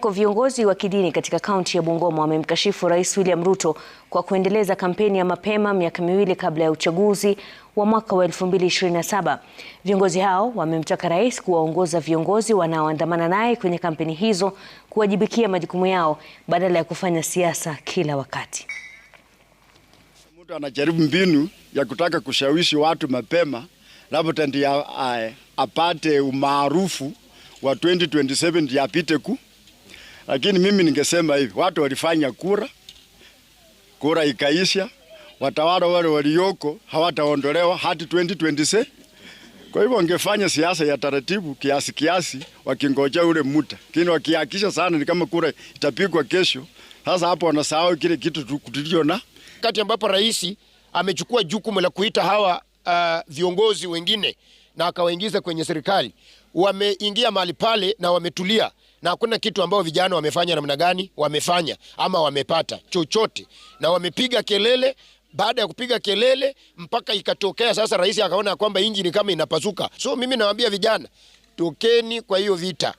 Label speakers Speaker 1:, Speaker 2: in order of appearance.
Speaker 1: kwa viongozi wa kidini katika kaunti ya Bungoma wamemkashifu Rais William Ruto kwa kuendeleza kampeni ya mapema miaka miwili kabla ya uchaguzi wa mwaka wa 2027. Viongozi hao wamemtaka rais kuwaongoza viongozi wanaoandamana naye kwenye kampeni hizo kuwajibikia majukumu yao badala ya kufanya siasa kila wakati.
Speaker 2: Mtu anajaribu mbinu ya kutaka kushawishi watu mapema labda ndiye eh, apate umaarufu wa 2027 ndiye apite ku lakini mimi ningesema hivi, watu walifanya kura, kura ikaisha, watawala wale walioko hawataondolewa hadi 2026. Kwa hivyo wangefanya siasa ya taratibu kiasi kiasi, wakingoja ule muda. Lakini wakihakisha sana, ni kama kura itapigwa kesho. Sasa hapo wanasahau kile kitu na
Speaker 3: wakati ambapo rais amechukua jukumu la kuita hawa uh, viongozi wengine na akawaingiza kwenye serikali. Wameingia mahali pale na wametulia na hakuna kitu ambao vijana wamefanya namna gani, wamefanya ama wamepata chochote, na wamepiga kelele baada ya kupiga kelele mpaka ikatokea sasa, rais akaona kwamba injini kama inapasuka. So mimi nawaambia vijana, tokeni kwa hiyo vita.